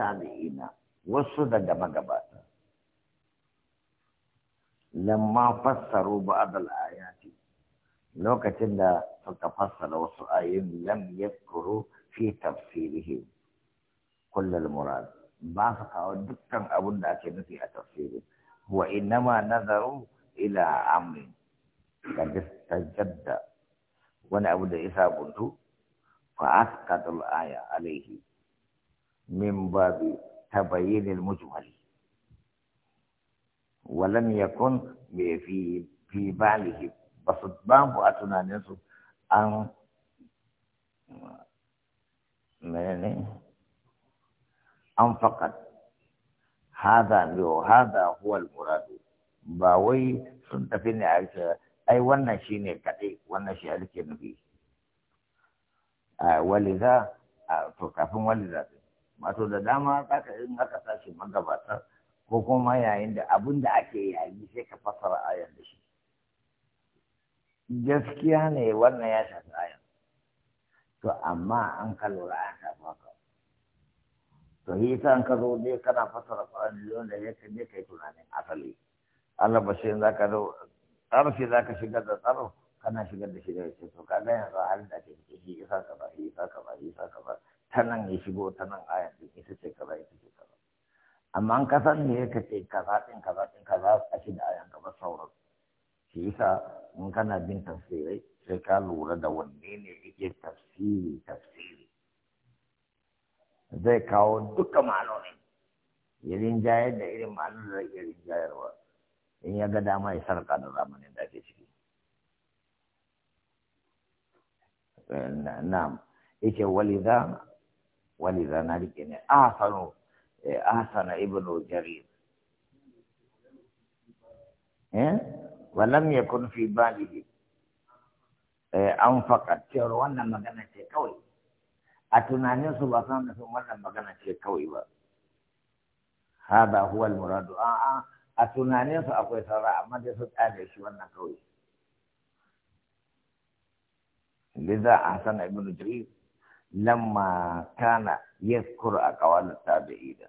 والتابعين والصدق مقبات لما فسروا بعض الآيات لو كتن تفسر وسؤالين لم يذكروا في تفسيره كل المراد بعض دكتور أبو لكن في تفسيره وإنما نظروا إلى أمر قد استجد وأنا أبو إسحاق فأسقط الآية عليه من باب تبين المجمل ولم يكن في في باله بس باب نسو أن أن فقط هذا هذا هو المراد باوي سنت في نعيشة أي وانا شيني كتي وانا شيني كنفي آه، ولذا تكافون آه، ولذا wato da dama za ka yi aka tashi magabatar ko kuma yayin da abin da ake yayi sai ka fasara ayar da shi gaskiya ne wannan ya shafi ayar to amma an ka lura an shafi haka to yi ta an ka zo ne kana fasara ƙwarar da ya kai ne kai tunanin asali Allah ba shi za ka zo tsarfi za ka shigar da tsaro kana shigar da shi da ya Ka gaya za yanzu halin da ake ciki shi yasa ka ba shi yasa ka ba shi yasa ka ba ta nan ya shigo ta nan ayan ɗin, ita ce kaza ita ce kaza amma an kasan ne ya kace kaza din kaza din kaza a ce da ayan gaba sauran shi yasa in kana bin tafsirai sai ka lura da wanne ne yake tafsiri tafsiri zai kawo duka ma'anonin ya rinjayar da irin ma'anar da ya rinjayarwa in ya ga dama ya sarka da zamanin da ake ciki eh, na'am yake walida ولذا نالك يعني أحسن أحسن ابن جرير إيه؟ ولم يكن في باله أنفق إيه، التير وانا مغانا تكوي أتناني سبحانه ثم وانا مغانا تكوي هذا هو المراد آآ آه، آه. أتناني سأقوي سراء ما جسد آدش وانا كوي لذا أحسن ابن جرير lamma kana a aqwal tabi'in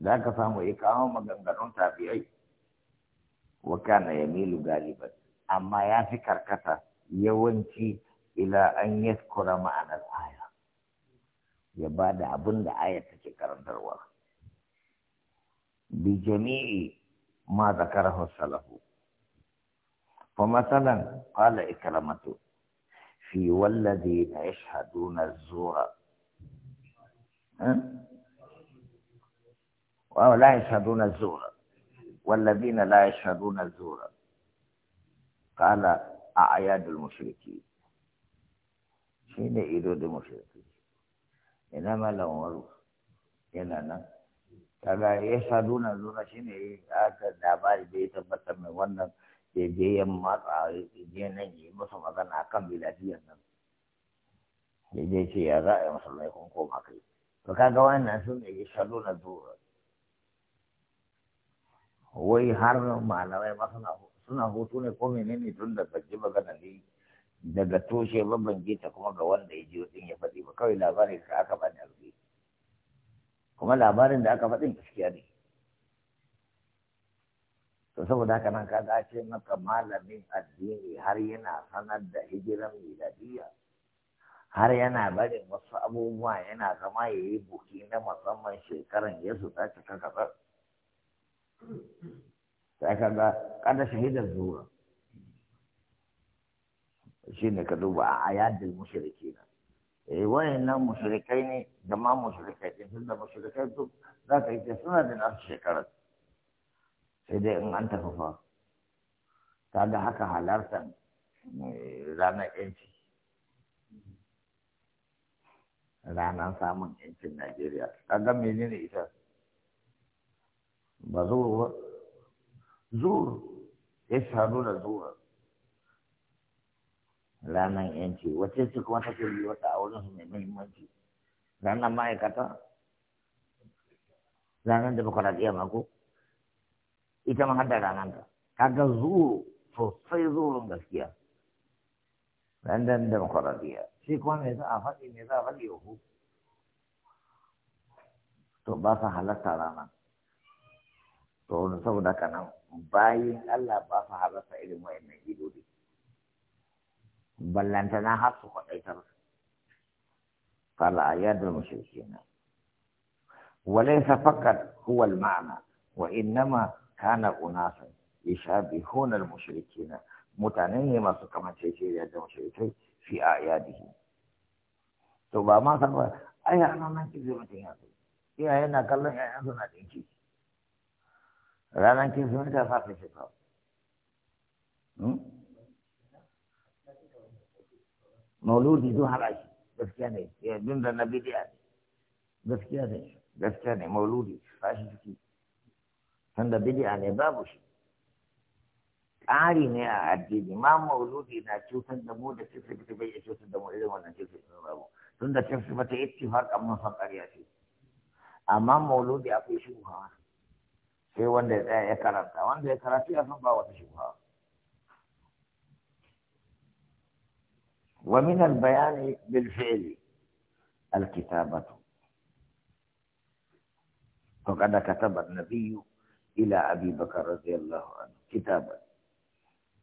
da ka samu ya kawo maganganun tabi'ai wa kana yamilu galiban amma ya fi karkata yawanci ila an yadhkura ma'anar aya ya ba da abin da aya take karantarwa bi jami'i ma zakarahu salafu fa masalan qala ikramatu في والذين يشهدون الزور أو لا يشهدون الزور والذين لا يشهدون الزور قال أعياد المشركين شين إيرود المشركين إنما لو وروح إننا kaga ya sadu na zo na shine aka labari da sai je ya matsa ya je nan yi masa magana kan bilafiyan nan ya je ce ya za a yi musulmai kun koma kai to kaga wannan sun ne shalo na zuwa wai har malamai ba? suna hutu ne ko menene tun da bajji magana ne daga toshe babban ban ta kuma ga wanda ya ji din ya faɗi ba kawai labarin da aka faɗi a kuma labarin da aka faɗin gaskiya ne to saboda haka nan ka dace maka malamin addini har yana sanar da hijiran miladiya har yana barin wasu abubuwa yana zama ya yi buki na musamman shekaran yesu ta cika kasar sai ka kada shahidar zuwa shi ne ka duba a yadda mushriki na eh wayan nan mushrikai ne da ma mushrikai din tunda mushrikai duk za ka yi suna da nasu shekarar sai dai in an tafi fa ta da haka halartar eh, ranar yanci ranar samun yancin Najeriya kaga menene ita ba zuru ba zuru ya shanu da zuru ranar yanci wace ce kuma take yi wata a wurin mai muhimmanci ranar ma'aikata ranar da bakwarar iya mako ita ma har da rananta kaga zuru sosai zurun gaskiya dan dan demokuraɗiyya shi kuma me za a faɗi me za a faɗi yahu to ba sa halatta rana to saboda haka nan bayin Allah ba sa halatta irin wayannan idodi ballantana har su kwaɗaitar fala ayyadul mushrikina وليس فقط هو المعنى وإنما kana ya sha bi yashabihun al na mutane ne masu kamance ce da mushrikai fi a ya dihi to ba ma san ba ai ana nan ki zai mutun ya so iyaye na kallon ƴaƴan suna dinki ranar kin hmm? sun ta fi shi ka mauludi zuwa harashi gaskiya ne ya eh, dun da na bidiya gaskiya ne gaskiya ne mauludi sashi ciki هند بدي أنا بابوش أنا نيا أديني ما مولودي نا شو هند مو ده كيف كيف بيجي شو هند مو إذا ما نشوف إنه بابو هند كيف كيف بتجي اتفاق أمم سكاري أشي أمم مولودي أبي شو ها في وندة إيه كارتا ومن البيان بالفعل الكتابة وقد كتب النبي إلى أبي بكر رضي الله عنه كتابا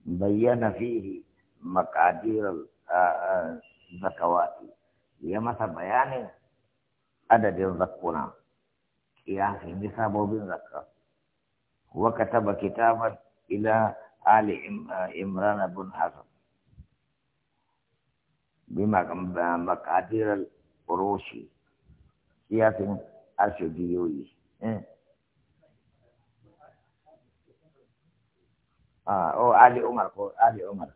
بين فيه مقادير الزكوات يمس بيان عدد الزكونا نسابه بن زكا وكتب كتابا إلى آل عمران بن حسن بمقادير القروشي قياس الشديوي إيه؟ آه، او علي عمر کو علي عمر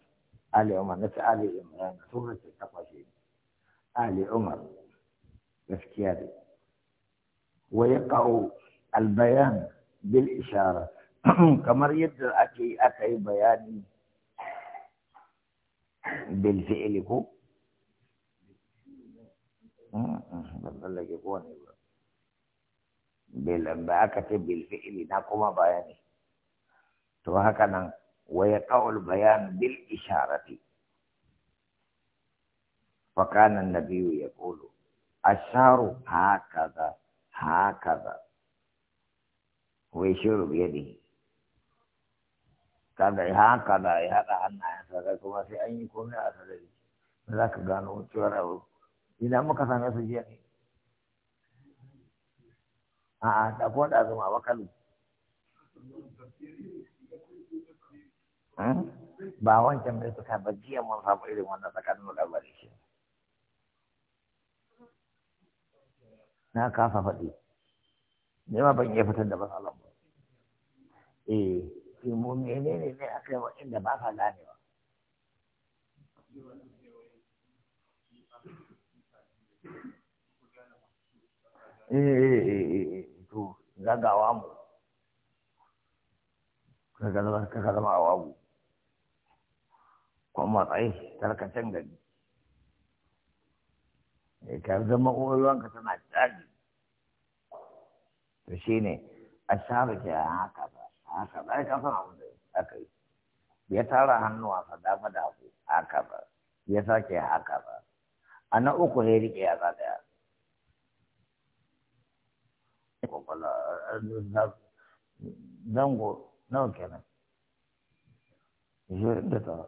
علي عمر نفس علي عمر سورة التقاشي علي عمر اختياري ويقع البيان بالإشارة كما يد أكي أكي بياني بالفعل هو بالفعل بالفعل نقوم بياني to haka nan waya yaqa'ul bayan bil isharati fa kana an-nabiyyu yaqulu asharu hakaza hakaza Wai yashuru bi ne. kada hakaza ya hada hannayen kai kuma sai an yi komai a sarari za ka gano cewar abu idan muka same su jiya ne a'a da ko da zuma bakalu ba wancan mai suka ba jiya mun samu irin wannan tsakanin labarin shi na kasa faɗi ne ma ban iya fitar da matsalan ba eh mu menene ne aka yi wa inda ba sa ganewa eh, eh, eh, eh to zagawa mu kaga zama kaga zama awabu ko matsayi tarkacen gari eh, ka zama ƙwaƙwalwanka tana caji to shi ne a shafa ke haka ba haka ba ka san abin da aka yi ya tara hannuwa sa dama da abu haka ba ya sa sake haka ba a na uku ya riƙe ya za ɗaya zango nawa kenan ishirin da tara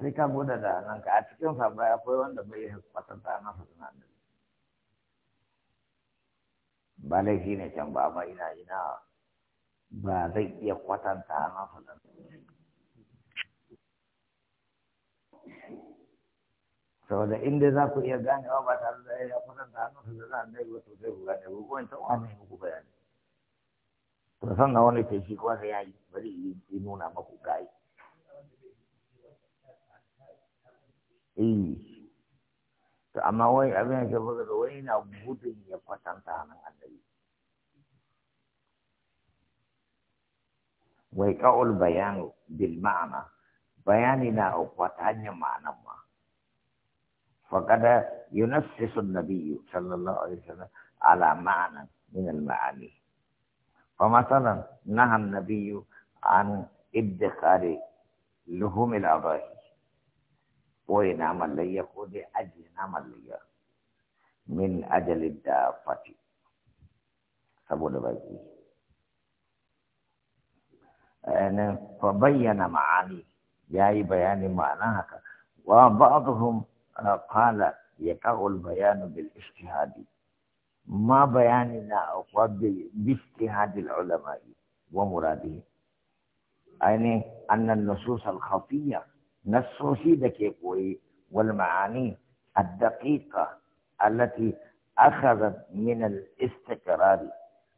sai ka gwada da hannunka a cikin ya akwai wanda bai yi kwatanta na fasina da ba laifi ne can ba amma ina ina ba zai iya kwatanta na fasina saboda inda za ku iya ganewa ba tare da ya kwatanta na fasina da ya wato zai ku gane ku kuma ta wani muku bayani to sannan wani ce shi kuma sai ya yi bari yi nuna maku gayi eh to amma wai abin da buga da wai na gudun ya kwatanta hannun annabi wai ka'ul bayanu bil ma'ana bayani na aukuwa ta hanyar ma'anan ma فقد ينسس النبي صلى الله عليه وسلم على معنى من المعاني فمثلا نهى النبي عن ادخار لهم الأضاحي போய் நாம லையக்கூடிய அஜி من أجل மின் أبو பட்டி أنا فبين معاني جاي بيان معناها وبعضهم قال يقع البيان بالاجتهاد ما بيان لا أقبل باجتهاد العلماء ومراده يعني أن النصوص الخفية nassoshi da ke والمعاني الدقيقة التي أخذت من الاستقرار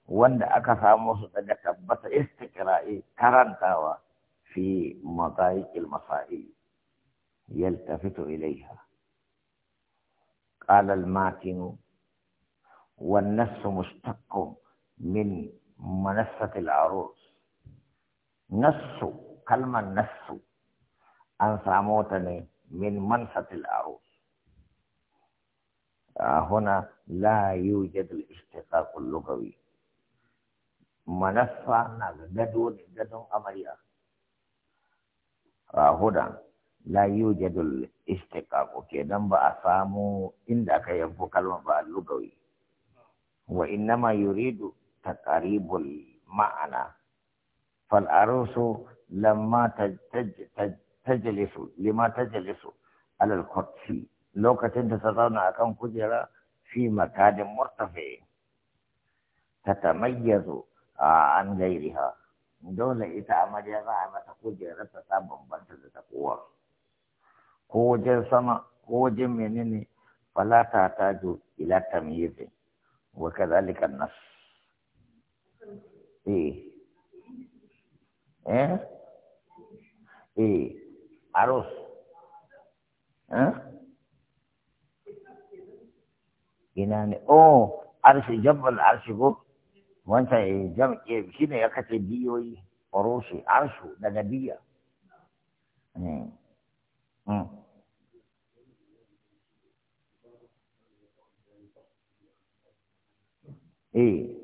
وند اكفا موسى تكبت استقرار كرنتاوا في مضايق المصائب يلتفت إليها قال الماتن والنفس مشتق من منسة العروس نفس كلمة نفس an من منصة ne آه، هنا لا يوجد الاشتقاق اللغوي منفى نجدو نجدو أمريا آه، هنا لا يوجد الاشتقاق كذا بأسامو عندك يبقى كلمة اللغوي وإنما يريد تقريب المعنى فالعروس لما تج تج تج tajalisu lima tajalisu alal kursi lokacin da ta zauna akan kujera fi makadin murtafe ta tamayyazu an gairiha dole ita amarya za a mata kujera ta ta bambanta da ta kowa ko wajen sama ko wajen menene falata ta jo ila tamyizi wa kadhalika nas eh eh eh arus ina ne oh arshi jabbal arshi go wancan eh, jam'i eh, shi ne ya kace biyoyi arushi arshu daga biya eh, hmm. eh.